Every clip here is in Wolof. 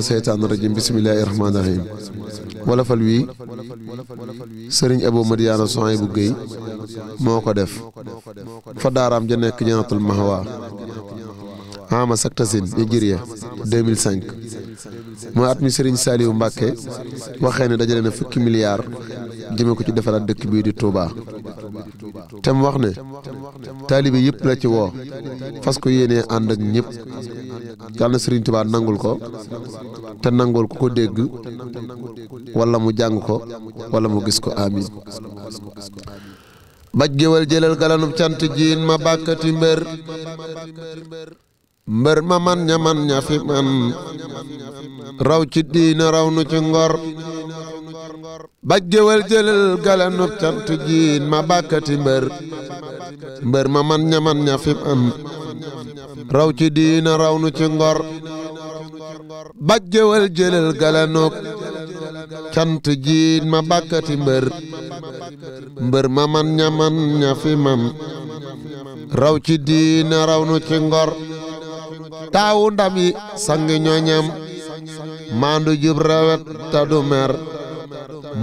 mina seytaan rajim bisimilahi rahmaani rahim wolofal wi sëriñ Abo Madiana soxna bu Guèye moo ko def fa daaraam ja nekk janatul mahwa ama saktasin Nigeria mooy at mi sëriñ Saliou Mbacke waxee ne dajale na fukki milliards jëme ko ci defaraat dëkk bii di Touba te wax ne taalibe yëpp la ci woo fas ko yéenee ànd ak ñëpp yàlla na Serigne Touba nangul ko te nangul ku ko dégg wala mu jàng ko wala mu gis ko amin baj géwél jëlal galanub cant jiin ma bàkkati mbër mbër ma man ña man ña fi raw ci diina raw nu ci ngor baj géwél jëlal galanub cant ma bàkkati mbër mbër ma man ña man ña fi man raw ci diina raw nu ci ngor bajjëwal jëlal galanoog cant jiin ma bàkkati mbër mbër ma man ña man ña fi man raw ci diina raw nu ci ngor taawu ndam yi sangi ñoñam maandu jub rawet ta du mer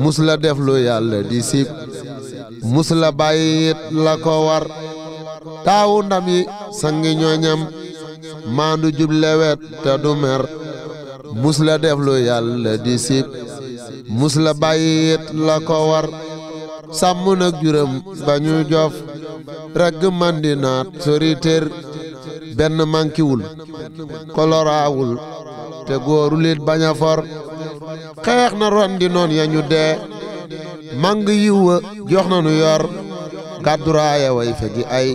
mus la def lu yàlla di sib mus la bàyyi la ko war taawu ndam yi sangi ñooñam maandu jub te du mer mus la def lu yàlla di sib mus la bàyyi la ko war sàmm nag juram ba ñu jof regg mandinaat sori tër benn mankiwul koloraawul te góorul it bañ xeex na ron noon ya ñu dee mang yiw jox na nu yor gàdduraaya way fegi ay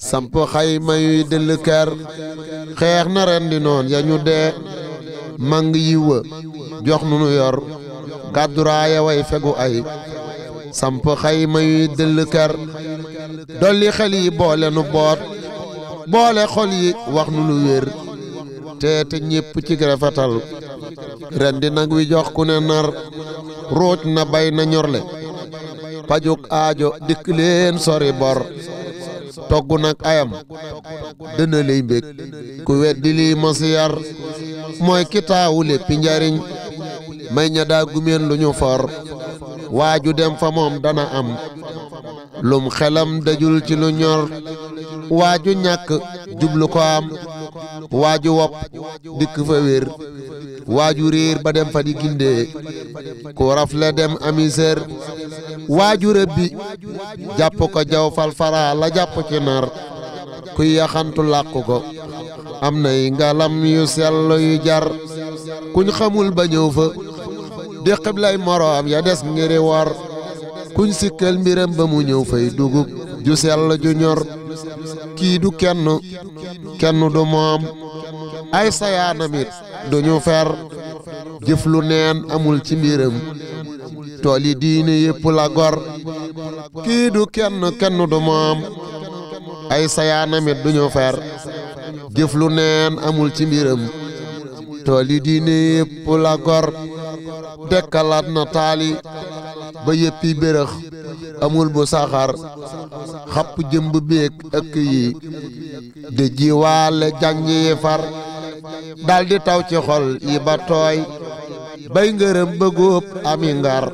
samp xayma yuy dëll kër xeex na ren di noon ya dee mang yiwa jox nu nu yor gàddu raaya way fegu ay samp xayma dëll kër dolli xel yi boole nu boot boole xol yi wax nu lu wér te ñépp ci rafetal ren di nag wi jox ku ne nar ruuj na bay na ñorle pajuk aajo dikk leen sori bor togg nag ayam dëna lay ku weddi lii masi yar mooy kitaawu léppi njariñ may ña gumeen lu ñu for waaju dem fa moom dana am lum xelam dajul ci lu ñor waaju ñàkk jublu ko am waaju wopp dikk fa wér waaju réer ba dem fa di gindee ku rafle dem ami sër waaju rëbbi jàpp ko jaw fal la jàpp ci nar kuy yaxantu làq ko am nay ngalam yu sell yu jar kuñ xamul ba ñëw fa di xiblay moroom ya des ngiri war kuñ sikkal mbiram ba mu ñëw fay dugub ju sell ju ñor kii du kenn kenn du moom ay sayaanam duñu fer jëf neen amul ci mbiram tool yi diine yépp la gor kii du kenn kenn du moom ay sayaanamit duñu fer jëf neen amul ci mbiram tool yi diine yépp la gor dekkalaat na taali ba yëppi bérëx amul bu saxar xapp jëmb beeg ëkk yi de jiwaale yi far daldi taw ci xol yi ba tooy bay ngërëm ba góob ami ngar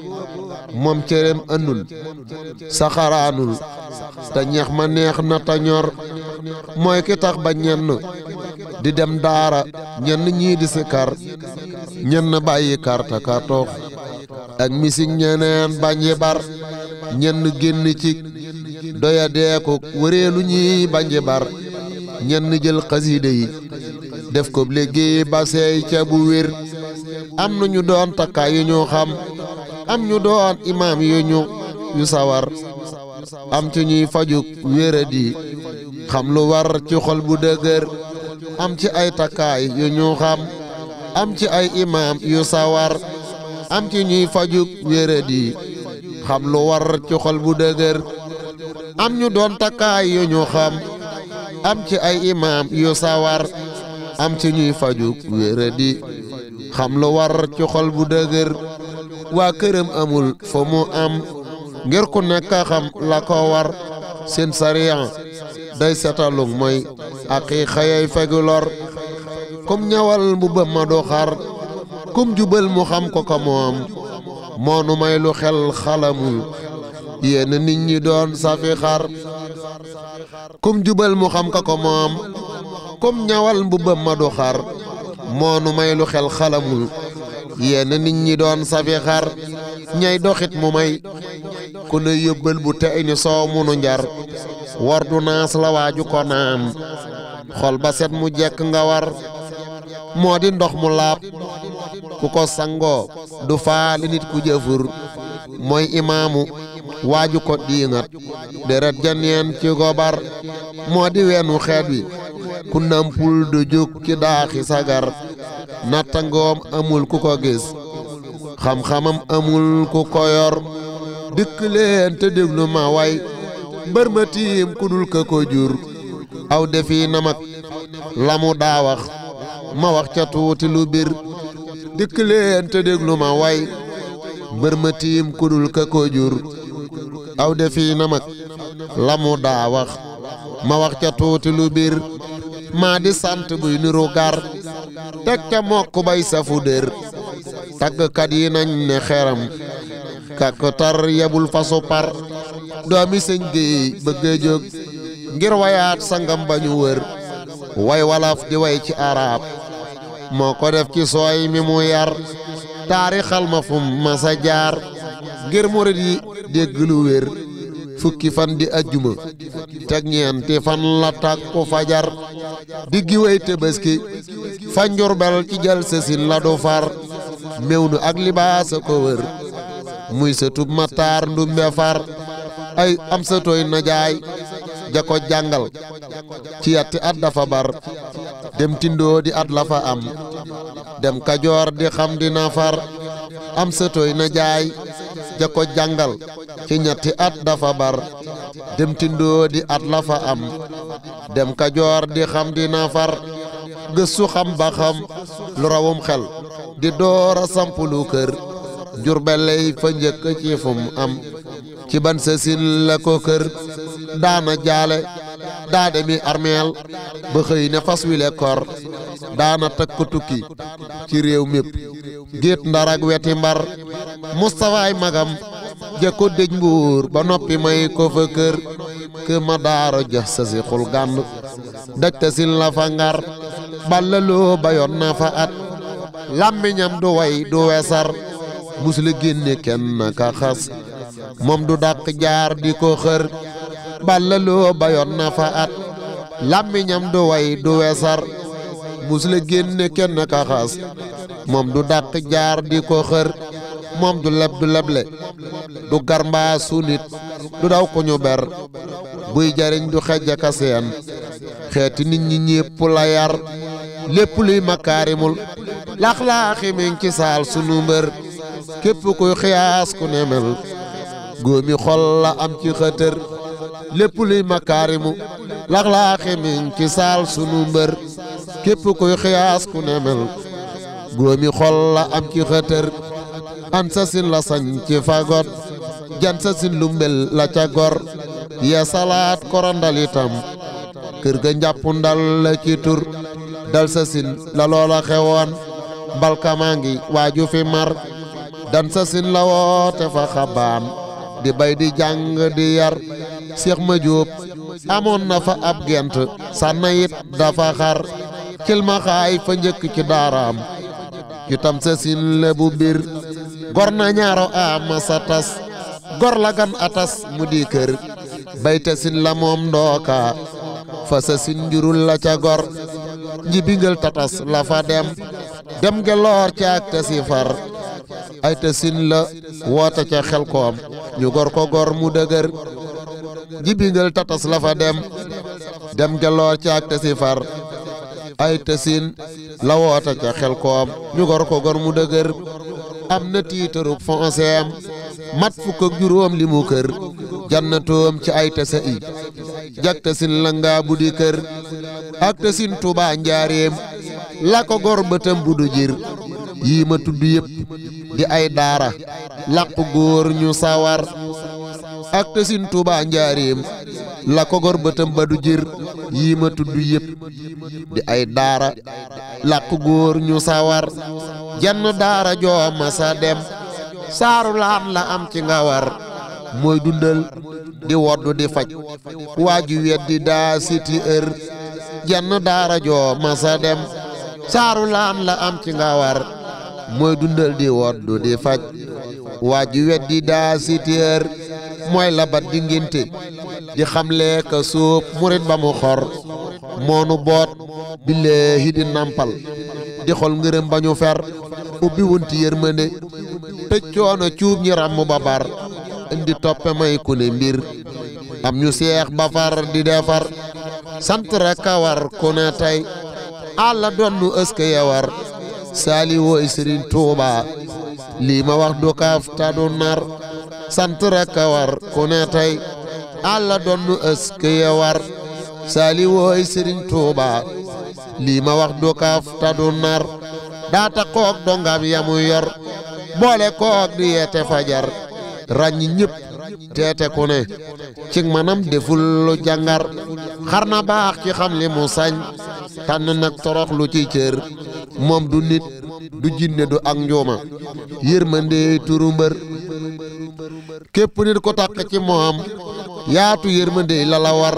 moom cërem ëndul saxaraanul te ñeex ma neex na ta mooy ki tax ba ñenn di dem daara ñenn ñii di sikar ñenn bàyyi karta ka ak misik ñeneen bañi bar ñenn génn ci doya deeku wëreelu ñii bañi bar ñenn jël xasiida yi def ko liggéey ba seey ca bu wér am na ñu doon takkaay yu ñu xam am ñu doon imaam yu ñu yu sawar am ci ñuy fajuk wéradi xam lu war ci xol bu dëgër am ci ay takkaay yu ñu xam am ci ay imaam yu sawar am ci ñuy fajuk wéradi xam lu war ci xol bu dëgër am ñu doon takkaay yu ñu xam am ci ay imaam yu sawar am ci ñuy fajug wéradi xam lu war ci xol bu dëgër waa këram amul fa mu am ngir ku nekk xam la ko war seen sariya day setalug mooy ak i xëyay lor kum ñawal mbubam ma du xar kum jubal mu xam ko ko moom moonu may lu xel xalamul yéen nit ñi doon safi xar kum jubal mu xam ko ko moom comme ñawal mbubbam ma du xar moonu may lu xel xalamul yenn nit ñi doon safi xar ñay doxit mu may ku la yóbbal bu tey ni soow munu njar war du naas la waaju ko naam xol ba set mu jekk nga war moo di ndox mu laab ku ko sangoo du faali nit ku jëfur mooy imaamu waaju ko diingat deret janeen ci gobar moo di weenu xeet wi ku nampul du jóg daaxi sagar nattangoom amul ku ko gis xam-xamam amul ku ko yor leen te ma way mbër ma tiim ku dul ka ko aw defi namak la mu daa wax ma wax ca tuuti lu bir dikk leen te ma way mbër ma tiim ku dul ka ko aw defi namak la mu daa wax ma wax ca tuuti lu bir maa di sant buy niru gar teg ca mokk bay safu dër taggkat yi nañ ne xeram kak tar yebul fasu par doomi sëñ géey bëgga jóg ngir wayaat sangam bañu wër way walaf di way ci arab moo ko def ci sooy mi mu yar taarixal ma fum masa jaar ngir murit yi dégg lu wér fukki fan di ajjuma teg ñeenti fan la takku fajar diggi wey Tabaski fa Njurbel ci jalsa si la du far mew nu ak libaasa ko wër muy sa tub ndumbe far ay am sa tooy na ja ko jàngal ci yatti at dafa bar dem tindoo di at la fa am dem kajoor di xam di nafar am sa tooy na ja ko jàngal ci ñatti at dafa bar dem tindoo di at la fa am dem kajoor di xam di nafar gëstu xam ba xam lu rawum xel di door a samp lu kër fa njëkk ci am ci ban sësin la ko kër daana jaale daa demi armeel ba xëy ne fas wile kor daana takk tukki ci réew mépp géet ndar weti mbar Mustafaay magam jëkko dëj mbuur ba noppi may ko fa kër nekk ma daaro jax sa si xul gànn dajta sin la fa ngar ballaloo bayoon na fa at làmmiñam du way du wesar musula génne kenn ka xas moom du dàq jaar di ko xër ballaloo bayoon na fa at làmmiñam du way du wesar musula génne kenn ka xas moom du dàq jaar di ko xër moom du leb du leble du garmbaa su nit du daw ko ber buy jariñ du xej aka seen xeeti nit ñi ñépp la yar lépp luy makaarimul laxlaaxi mi ngi ci saal sunu mbër képp kuy xiyaas ku ne góomi xol la am ci xëtër lépp luy makaarimu laxlaaxi mi ngi ci saal sunu mbër képp kuy xiyaas ku ne góomi xol la am ci xëtër an sasin la sañ ci fagot jan sasin lumbel la ca gor ya salaat korondal itam kër ga njàppu ndal la ci tur dal sa la loola xewoon mbalkamaa ngi waaju fi mar dan sa la woote fa xabaan di bay di jàng di yar Seex ma Jóob amoon na fa ab gent sànna it dafa xar cilma fa njëkk ci daaraam itam tam sa sin la bu gor na ñaaro ama sa tas gor la gan atas mu di kër bayte sin la moom ndooka fa sa sin la ca gor njibingal tatas la fa dem dem ge loor caak te la woote ca xel koom ñu gor ko gor mu dëgër njibingal tatas la fa dem dem ge loor caak te la woote ca xel koom ñu gor ko gor mu dëgër am na tiitarub fonseem mat fukk juróom li mu kër jannatoom ci ay tasa i jak tasin langa bu di kër ak tasin tubaa njaareem la ko bëtam bu du jir yii ma tudd yëpp di ay daara làq góor ñu sawar gor bëtam jir yii ma tudd yëpp di ay daara làq góor ñu sawar jann daara joo ma sa dem saaru laan la am ci nga mooy dundal di woddu di faj waaju weddi daa siti ër jenn daara joo masa dem saaru laan la am ci ngawar mooy dundal di woddu di faj waaju weddi daa siti ër mooy labat di ngénte di xamle ka suub murit ba mu xor moonu boot billaahi di nampal di xol ngërëm ba fer ubbi wunti yërmande tëj coono cuub ñi ràmm ba bar indi toppe may ku ne mbir am ñu seex ba far di defar sant rek a war ku ne tey àlla donnu ësk war saali wooy sëriñ tuuba lii ma wax du kaaf ta du nar sant rek a war ku ne tey àlla donnu ësk war saali wooy sëriñ tuuba lii ma wax du kaaf nar daa ta koog yamu yor boole koog di yeete fajar ràññi ñëpp teete ku ne ci manam deful lu jàngar xar na baax ci xam li mu sañ tànn nag torox lu ci cër moom du nit du jinne du ak njuuma yërmande turu mbër képp nit ko takk ci moom yaatu yërmande la war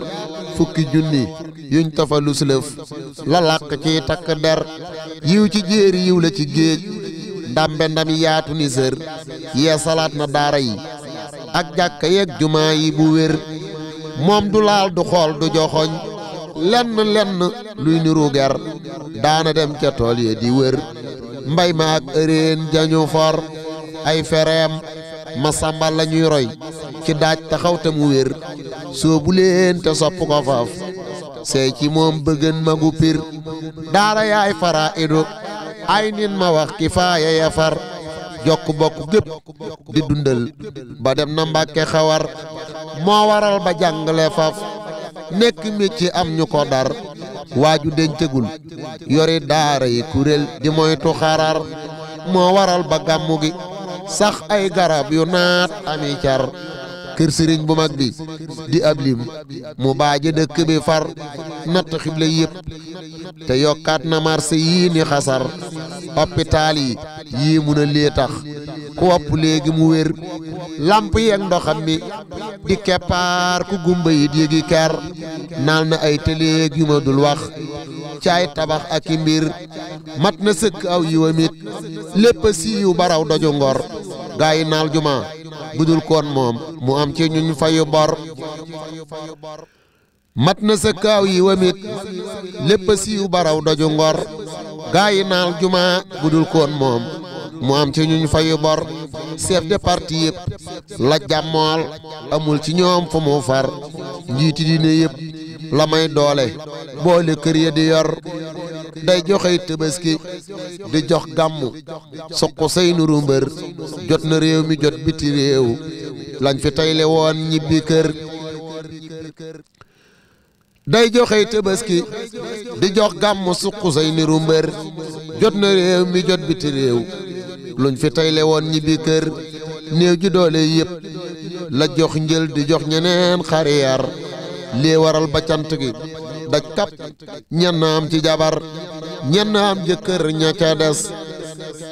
fukki junni yuñ tafa luslëf la làq takk der yiw ci jéeri yiw la ci géej ndambe ndami yaatu ni sër yee salaat na daara yi ak jàkka yeeg jumaa yi bu wér moom du laal du xool du joxoñ lenn lenn luy niru ger daana dem ca tool ya di wër mbay ma ak ëreen jañu for ay fereem ma sàmbal la ñuy roy ci daaj taxaw te mu wér soo bu te sopp ko faaf sey ci moom bëggën magu pir daara yaay fara idu ay nin ma wax kifaaya ya jokk bokk gépp di dundal ba dem na mbàkke xawar moo waral ba jàngale faf nekk mecc am ñu ko dar waaju dencegul yori daara yi kuréel di moytu xarar moo waral ba gàmmu gi sax ay garab yu naat ami car kër sëriñ bu mag bi di ab lim mu baaji dëkk bi far natt xibla yëpp te yokkaat na marché yii ni xasar hôpital yi yii mun a lee tax ku wopp léegi mu wér lamp yeeg ndoxam mi di keppaar ku gumba yit yégi ker naal na ay tëléeg yu dul wax caay tabax ak i mbir mat na sëkk aw yiwamit lépp a siiw baraw doju ngor gaa naal juma budul koon moom mu am ci ñun fayu bor mat na sa kaaw yi wamit lépp siiw baraw doju ngor gaa yi naal jumaa budul koon moom mu am ci ñun fayu bor chef de parti yëpp la jàmmool amul ci ñoom fu mu far njiiti dine yëpp la may doole boole kër ya di yor day joxe tëbaski di jox gàmmu suq say nuru mbër jot na réew mi jot biti réew lañ fi tayle woon ñibbi kër joxe tëbaski di jox gàmmu suq say nuru mbër jot na fi tayle woon ñibbi kër néew ji doole yëpp la jox njël di jox ñeneen xari yar waral baccant gi daj kap ñenn am ci jabar ñenn am jëkkër ña ca des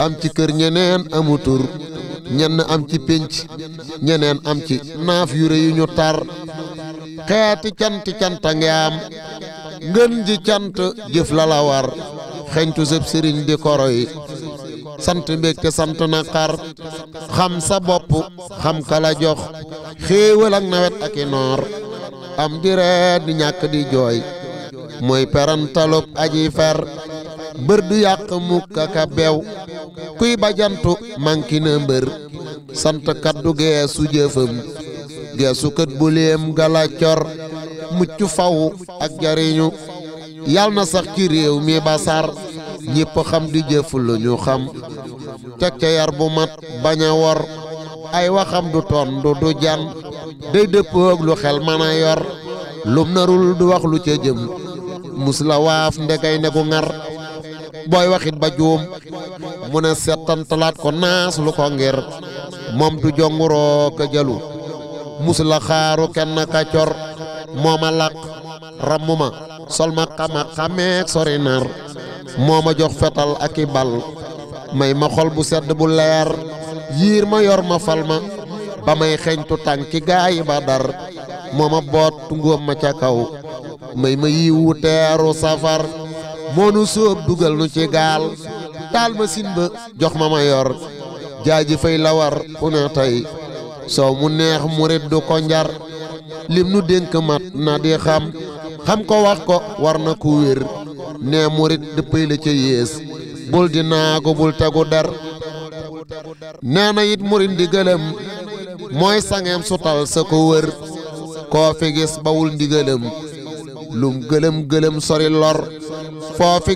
am ci kër ñeneen amu tur ñenn am ci pénc ñeneen am ci naaf yu rëy ñu tar xeeti canti canta nga ngën ji cant jëf lalawar la war xeñtu sëb sëriñ di koro yi sant mbégte sant naqar xam sa bopp xam kala jox ak nawet ak i noor am di reet ñàkk di jooy mooy perantalub aji fer mbër du yàq mukk aka bew kuy bajantu manki na mbër sant kaddu geesu jëfam geesukat bu léem gala cor mucc faw ak jariñu yal na sax ci réew mi basar ñépp xam di jëf lu ñu xam teg ca yar bu mat bañ a wor ay waxam du tondu du jan day dëppoog lu xel mën yor lum narul du wax lu ca jëm mus la waaf ndegay ne gu ŋar booy waxit ba juum mu ne settantalaat ko naas lu ko ngir moom du jonguroo ka jalu mus la xaaru kenn ka cor mooma làq ramm sol ma xama xameek sori nar moo ma jox fetal ak i bal may ma xol bu sedd bu leer yiir ma yor ma fal ma ba may xeeñtu tànki gaayi ba dar moo ma boot tungóom ma ca kaw may ma yiwu teeru safar moonu sóob dugal nu ci gaal taal ma sin ba jox ma ma yor jaaji fay la war ku ne tey soow mu neex murit du ko njar lim nu dénk ma na di xam xam ko wax ko war na ku wér nee murit dëppay la ca yées bul di naagu bul tegu der nee na it murit ndigalam mooy sangeem sutal sa ko wër koo fi gis bawul ndigalam lum gëlëm gëlëm sori lor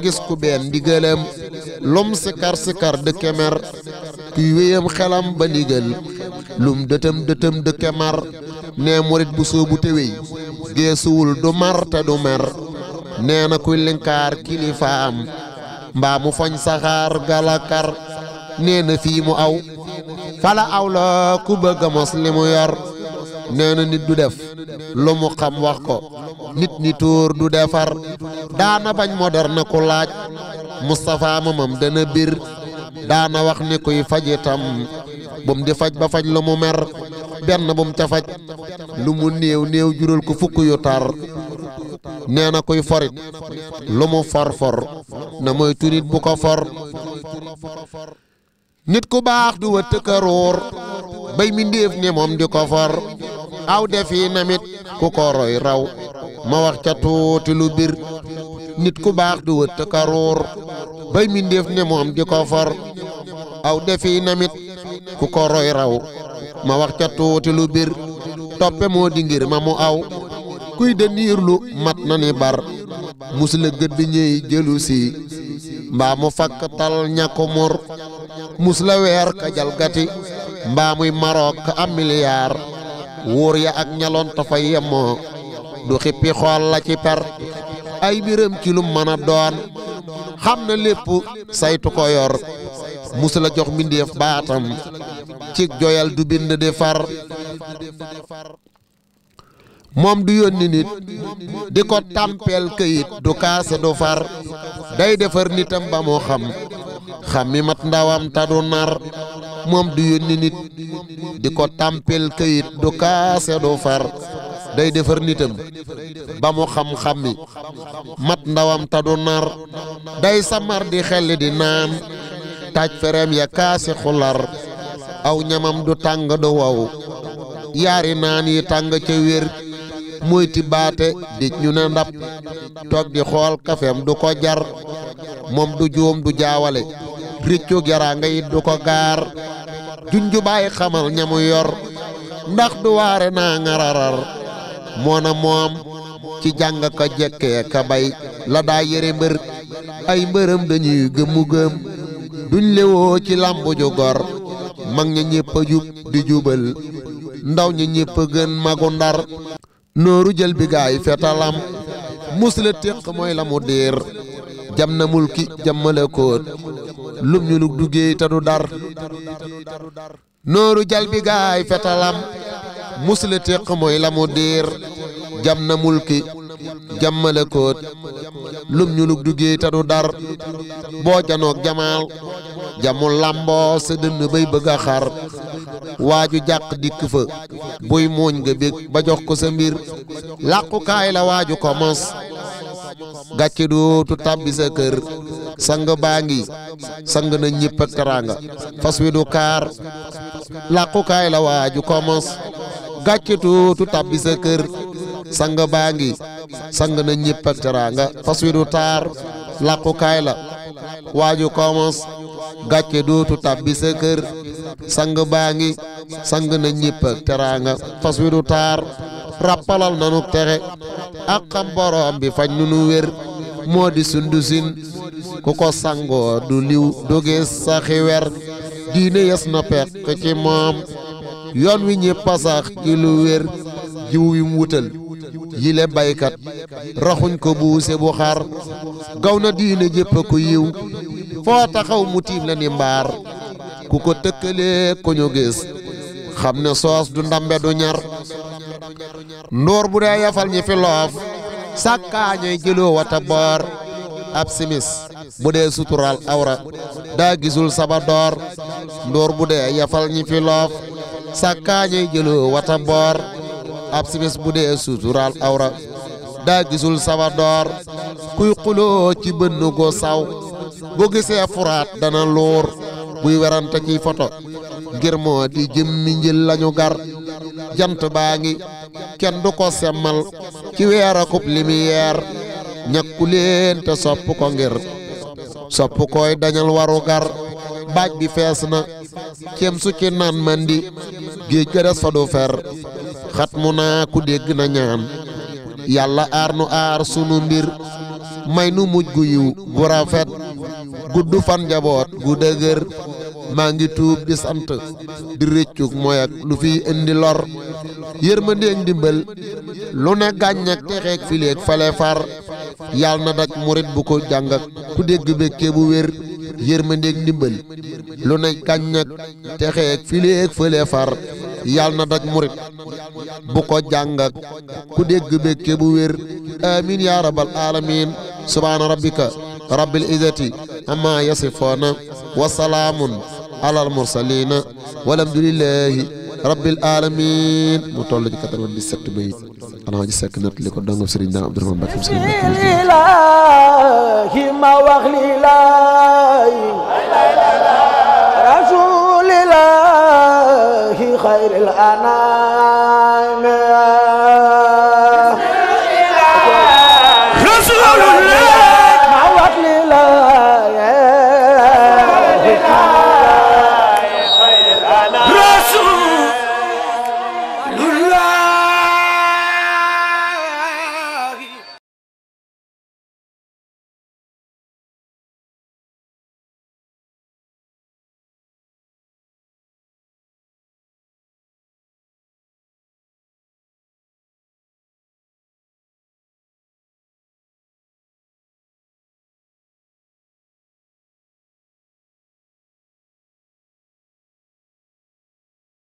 gis ku benn di gëlëm lum sikar sikar dëkke mer kuy wéyam xelam ba ndigal lum dëtëm dëtëm dëkke mar nee murit bu soobu te wéy geesuwul du mar te du mer nee na kuy linkaar kilifaam mbaa mu foñ saxaar galakar nee fii mu aw fala aw la ku bëgg a mos li mu yor nee nit du def lu mu xam wax ko nit ñi tuur du defar daana bañ moderne ku laaj Moustapha moomam dana bir daana wax ni kuy faj itam bum di faj ba faj lu mu mer benn bum ca faj lu mu néew néew jural ko fukk yu tar nee kuy forit lu mu forfor na mooy tunit bu ko for nit ku baax du wëtt këruur bay mi ndéef ni moom di ko for aw defi namit ku ko roy raw ma wax ca tuuti lu bir nit ku baax du wëtt karuur bay mindéef ne moom di ko for aw defi namit ku ko roy raw ma wax ca tuuti lu bir toppe moo di ngir ma mu aw kuy deniir lu mat na ni bar musula gëdd ñëy jëlu mbaa mu fakk tal ñàkku musula weer ka jalgati mbaa muy marook am miliyaar wóor ya ak ñaloon ta yemoo du xippi xool la ci per ay mbiram ci lu mën a doon xam na lépp saytu ko yor musu jox mbindéef baatam ci joyal du bind di far moom du yónni nit di ko tàmpeel këyit du kaase du far day defar nitam ba mu xam xam mi mat ndawam du nar moom du yónni nit di ko tàmpeel këyit du kaase du far day defar nitam ba mu xam-xammi mat ndawam tadu nar day samar di xelli di naan taaj fereem ya kaasi xular aw ñamam du tàng du wow yaari naan yi tàng ca wér muy ti baate di ñu ne ndab toog di xool kafeem du ko jar moom du juum du jaawale riccu yaraa nga yit du ko gaar junju xamal ñamu yor ndax du waare naa ngararar moona moom ci jàng ko jekkee ka bay la daa yëre mbër ay mbërëm dañuy gëmmu gëm duñ lewoo ci làmb ju gor mag ña ñépp a jub di jubal ndaw ña ñépp a gën magu ndar nooru jël bi gaay fetalam mus la téq mooy la mu diir jam na mulki jam malakoot lum ñu lug duggéey te du dar nooru jal fetalam musle teq mooy la mu diir jam na mulki jàmmale koot lum ñu lug duggee te du dar boo janoog jamaal jamul lamboo sa dënn bay bëgg xar waaju jàq dikk fa buy mooñ nga bég ba jox ko sa mbir làqukaay la waaju ko mos gàcce dootu tàbbi sa kër sang baa ngi sang na ñëpp ak fas wi du kaar làqukaay la waaju ko gàcce tuutu tàbbi sa kër sang baa ngi sang na ñëpp ak teraanga fas wi du taar làqukaay la waaju koomos gàcce dootu tàbbi sa kër sang baa ngi sang na ñëpp teraanga fas wi du taar rappalal nanu texe ak xam boroom bi faj nu nu wér moo di sundusin ku ko sangoo du liw doge saxi wer diine yes na pekk ci moom yoon wi ñépp sax ci wér jiw wi mu wutal yile baykat raxuñ ko buuse bu xaar gaw na diine jépp ku yiw foo taxaw mu tiim la ni mbaar ku ko tëkkalee ku ñu gis xam ne soos du ndambe du ñar ndóor bu dee yafal ñi fi loof sàkkaañoy jëloo wata boor ab simis bu dee sutural awra daa gisul saba ndóor bu dee yafal ñi fi loof sakkaañey jëloo wata boor ab sibis bu dee suuturaal awra daa gisul sama door kuy xuloo ci bënn go saw bu gisee furaat dana luur buy werante ci foto ngir moo di jëmmi njël lañu gar jant baa ngi kenn du ko semmal ci weerakub limiyeer ñakku leen te sopp ko ngir sopp koy dañal waru gar baaj bi fees na cem su ci naan mandi géej ga des fa du fer xat mu naa ku dégg na ñaan yàlla aar nu aar sunu mbir may nu mujj gu yiw gu rafet gudd fan njaboot gu dëgër maa ngi tuub di sant di rëccug mooy ak lu fiy indi lor yërmandeeg ndimbal lu ne gàññ ak texeeg fileeg fale far yàlla na daj murit bu ko jàng ak ku dégg békke bu wér yërmandeeg ndimbal lu nay kañ nag texeeg fileeg fële far yàlla na daj murit bu ko jàngak ku dégg békke bu wér amin ya rabbal alamin subhaana rabbika rabbil izzati amma yasifoona wa salaamun alal mursaliina walhamdulillahi rabbil alamin mu toll ci 97 bayit alaa ji sekk nett li ko dongam sëriñ daam abdourahman mbàkke m lilahi ma wax lilahi rasulilahi xayril anam